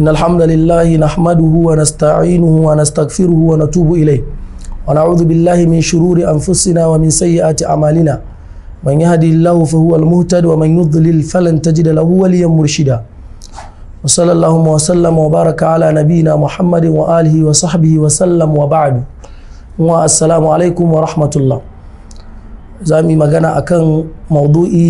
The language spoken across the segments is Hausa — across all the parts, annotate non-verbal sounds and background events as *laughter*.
إن الحمد لله نحمده ونستعينه ونستغفره ونتوب إليه ونعوذ بالله من شرور أنفسنا ومن سيئات أعمالنا من يهدي الله فهو المهتد ومن يضلل فلن تجد له وليا مرشدا وصلى اللهم وسلم وبارك على نبينا محمد وآله وصحبه وسلم وبعد والسلام عليكم ورحمة الله زامي مغانا أكن موضوعي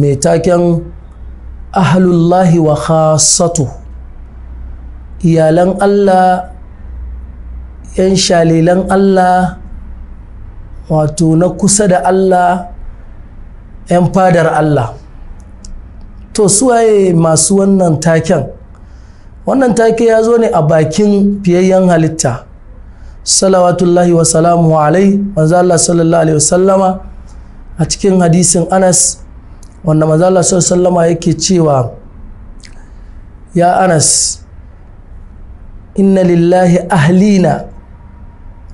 ميتاكن ahlullahi wa khasatu iyalan Allah yan shalilan Allah wato na kusa da Allah yan fadar Allah to su waye masu wannan taken wannan take ya zo ne a bakin fiyayyen halitta salawatullahi wa salamu alai manzo Allah sallallahu alaihi wasallama a cikin hadisin Anas wanda mazala sallama yake cewa ya anas inna lillahi ahlina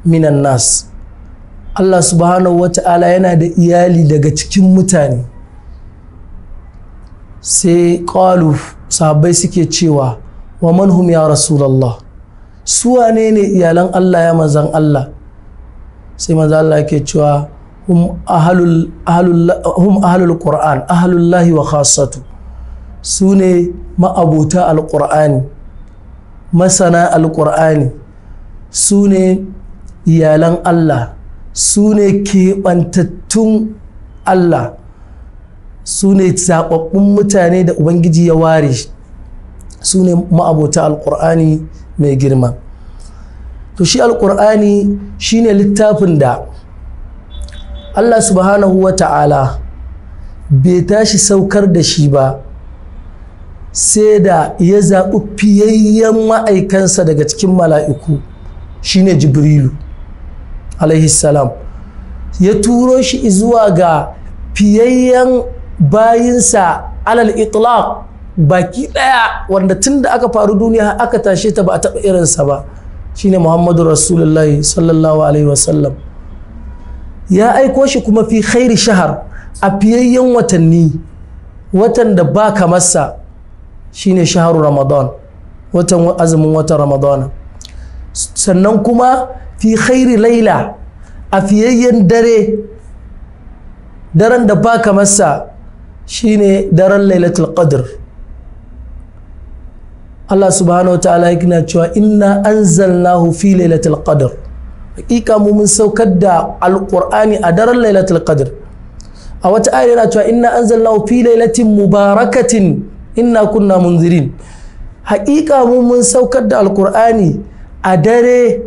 minan nas allah subhanahu wa ta'ala yana da iyali daga cikin mutane sai ƙalu sahabbai suke cewa wa manhum ya rasulallah su wanene ne iyalan allah ya manzan allah sai manzan allah ke cewa hum ahalul ahalul lahi wa khassatu su ne ma'abuta alqur'ani masana alqur'ani su ne iyalan Allah su ne keɓantattun Allah su ne zaɓaɓɓun mutane da Ubangiji ya ware su ne ma'abuta alƙur'ani mai girma to shi alƙur'ani shi ne littafin da Allah subhanahu wa ta'ala bai tashi saukar da shi ba sai da ya zaɓi fiyayyen ma'aikansa daga cikin mala'iku shine jibrilu salam ya turo shi zuwa ga fiyayyen bayinsa alal itlaq baki ɗaya wanda tun da aka faru duniya aka tashe ta ba a taɓa irinsa ba shine muhammadu rasulullahi sallallahu alaihi wasallam ya aiko shi kuma fi khairi shahar a fiyayyen watanni watan da ba kamarsa shine shaharu ramadan watan azumin watan ramadan sannan kuma fi khairi laila a fiyayyen dare daren da ba kamarsa shine daren lailatul qadr Allah subhanahu wa ta'ala yana cewa inna anzalnahu fi lailatul qadr hakika mu mun saukar da alƙur'ani a daren lailatul qadr a wata ayar yana cewa inna anzalnahu fi lailatin mubarakatin inna kunna munzirin hakika mu mun saukar da alkur'ani a dare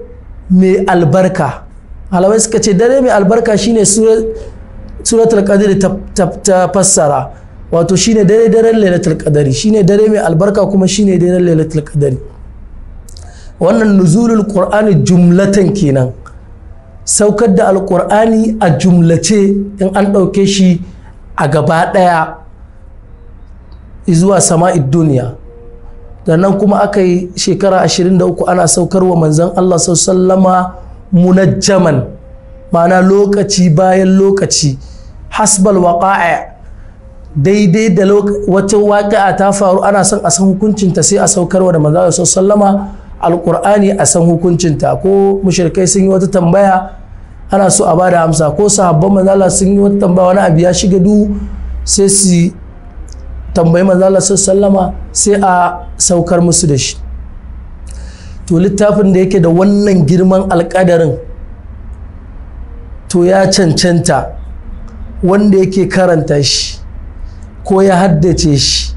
mai albarka alawai suka ce dare mai albarka shine suratul qadr ta fassara wato shine dare daren lailatul qadri shine dare mai albarka kuma shine daren lailatul qadri wannan nuzulul qur'ani jumlatan kenan saukar da alqur'ani a jumlace in an ɗauke shi a gaba ɗaya zuwa sama'id duniya nan kuma aka yi shekara 23 ana saukarwa manzan Allah sallama munajjaman ma'ana lokaci bayan lokaci hasbal waqa'a daidai da wata waƙa ta faru ana son a san hukuncinta sai a saukarwa da manzan Allah sallama alkur'ani a san hukuncinta ko mushrikai sun yi wata tambaya ana so a bada amsa ko sahabban manzala sun yi wata tambaya wani abu ya shiga duhu sai su tambayi manzala sun sallama sai a saukar musu da shi to littafin da yake da wannan girman alkadarin to ya cancanta wanda yake karanta shi ko ya haddace shi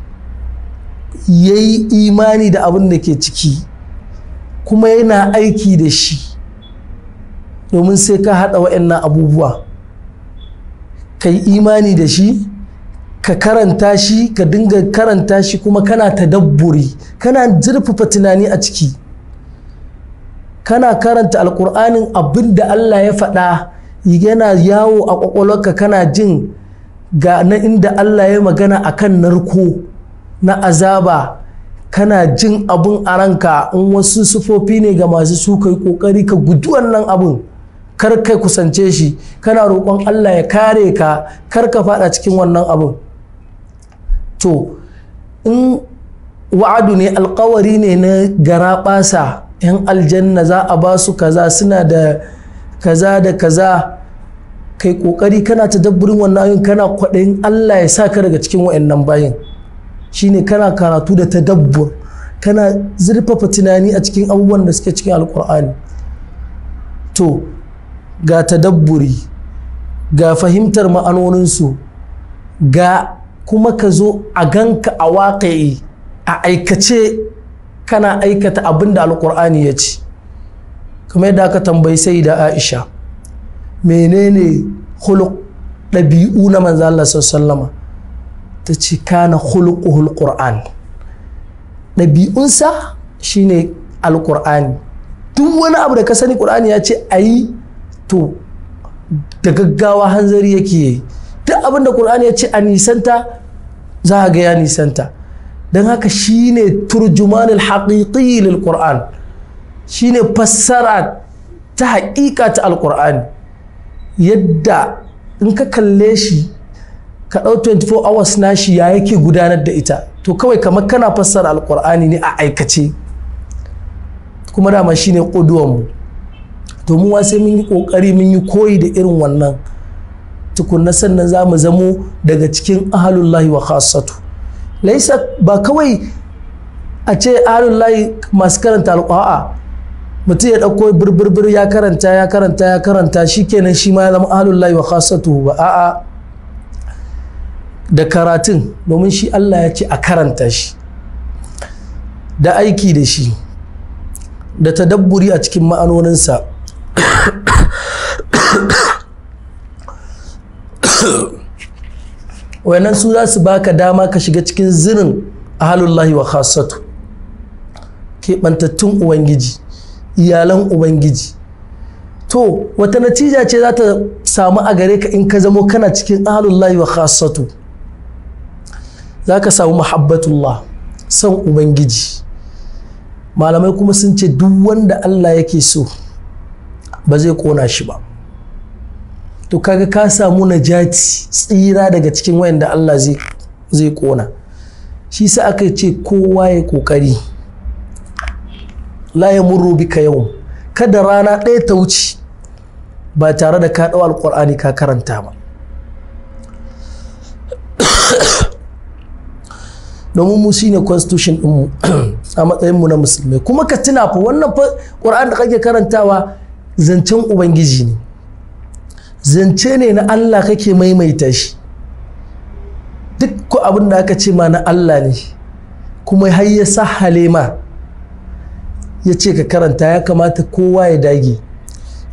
ya yi imani da abin da ke ciki kuma yana aiki da shi domin sai ka haɗa wa'annan abubuwa ka yi imani da shi ka karanta shi ka dinga karanta shi kuma kana tadabburi kana zurfafa tunani a ciki kana karanta alkur'anin abin da allah ya faɗa yana yawo a ƙwaƙwalwarka kana jin ga na inda allah ya magana akan narko na azaba kana jin abun a ranka in wasu sufofi ne ga masu su kai kokari ka guji wannan abun kar kai kusance shi kana roƙon Allah ya kare ka kar ka fada cikin wannan abun to in wa'adu ne alkawari ne na garaɓasa 'yan aljanna za a ba su kaza suna da kaza da kaza kai kokari kana ta dabburin wannan ayin kana kwaɗayin Allah ya saka daga cikin wa'annan bayin shine kana karatu da tadabbur kana zurfafa tunani a cikin abubuwan da suke cikin alkur'ani to ga tadabburi ga fahimtar ma'anoninsu ga kuma ka zo a ganka a waƙa'i a aikace kana aikata abin da alkur'ani ya ci kuma yadda aka tambayi sai da aisha menene hulɗabi'u ɗabi'u na manzo Allah ta ce kana hulƙuhul qur'an ɗabi'unsa shine alqur'ani duk wani abu da ka sani qur'ani ya ce a yi to da gaggawa hanzari yake yi duk abin da qur'ani ya ce a nisanta za a ga nisanta don haka shine turjumanul haqiqi lil qur'an shine fassara ta haƙiƙa ta alqur'ani yadda in ka kalle shi ka ɗau 24 hours shi ya yake gudanar da ita to kawai kamar kana fassara alkur'ani ne a aikace kuma dama ne ƙuduwanmu to mu sai mun yi ƙoƙari mun yi koyi da irin wannan tukunna sannan za mu zamo daga cikin ahalullahi wa khasatu laisa ba kawai a ce ahalullahi masu karanta alƙa'a mutum ya ɗauko birbirbir ya karanta ya karanta ya karanta shi kenan shi ma ya zama ahalullahi wa khasatu ba a'a da karatun domin shi Allah ya ce a karanta shi da aiki da shi da tadabburi a cikin ma'anoninsa wannan su za su baka dama ka shiga cikin zinin ahalullahi wa khasatu keɓantattun ubangiji iyalan ubangiji to wata natija ce za ta samu a gare ka in ka zamo kana cikin ahalullahi wa khasatu za ka samu mahabbatullah son ubangiji malamai kuma sun ce duk wanda allah yake so ba zai kona shi ba to kaga ka samu najati tsira daga cikin wayan da allah zai kona shi sa aka ce kowa ya kokari la ya ka bika yau kada rana ɗaya ta wuce ba tare da ka ɗau alƙur'ani ka karanta ba domin mu shine constitution ɗinmu *clears throat* a matsayinmu na musulmai kuma ka tuna fa wannan fa ƙur'an da kake karantawa zancen ubangiji ne zance ne na Allah kake maimaita shi duk ko abin da aka ce ma na Allah ne kuma har ya sa halema ya ce ka karanta ya kamata kowa ya dage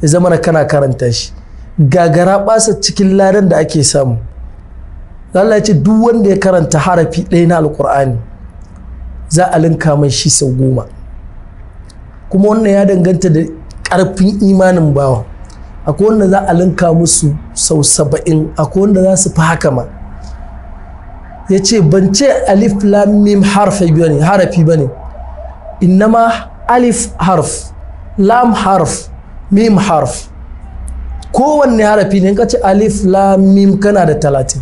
ya zama na kana karanta shi gagara basa cikin ladan da ake samu Allah ya ce duk wanda ya karanta harafi ɗaya na alkur'ani za a linka mai shi sau goma kuma wannan ya danganta da ƙarfin imanin bawa akwai wanda za a linka musu sau saba'in akwai wanda za su fi haka ma ya ce ban ce alif lam mim ba ne harafi ba ne innama alif harf lam harf mim harf kowanne harafi ne in ka ce alif lam kana da talatin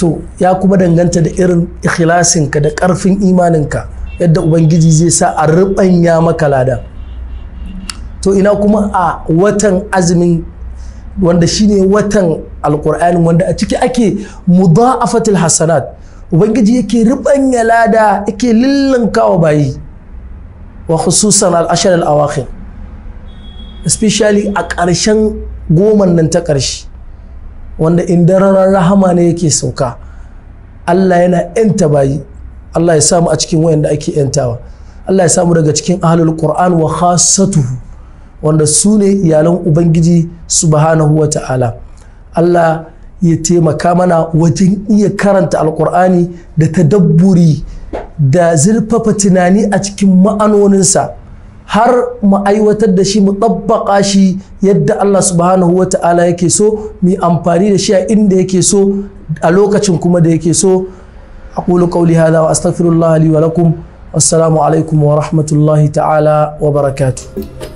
to ya kuma danganta da irin ikhlasinka da ƙarfin imaninka yadda ubangiji zai sa a riɓanya maka lada to ina kuma a watan azumin wanda shine watan alkur'ani wanda a ciki ake mudha'afatul hasanat ubangiji yake riɓanya lada yake lillankawa bayi wa khususan al-ashar al-awakhir especially a ƙarshen goman nan ta ƙarshe wanda in dararar rahama ne yake sauka Allah yana yanta bayi Allah ya samu a cikin wayan da ake yantawa Allah ya samu daga cikin ahalul qur'an wa khassatuhu wanda su ne iyalan ubangiji subhanahu wa ta'ala Allah ya taimaka mana wajen iya karanta alkur'ani da tadabburi da zurfafa tunani a cikin ma'anoninsa har mu aiwatar da shi mu ɗabbaƙa shi yadda Allah subhanahu wa ta'ala yake so mu amfani da shi a inda yake so a lokacin kuma da yake so aqulu qawli hadha wa astaghfirullah li wa lakum wassalamu alaikum wa rahmatullahi ta'ala wa barakatuh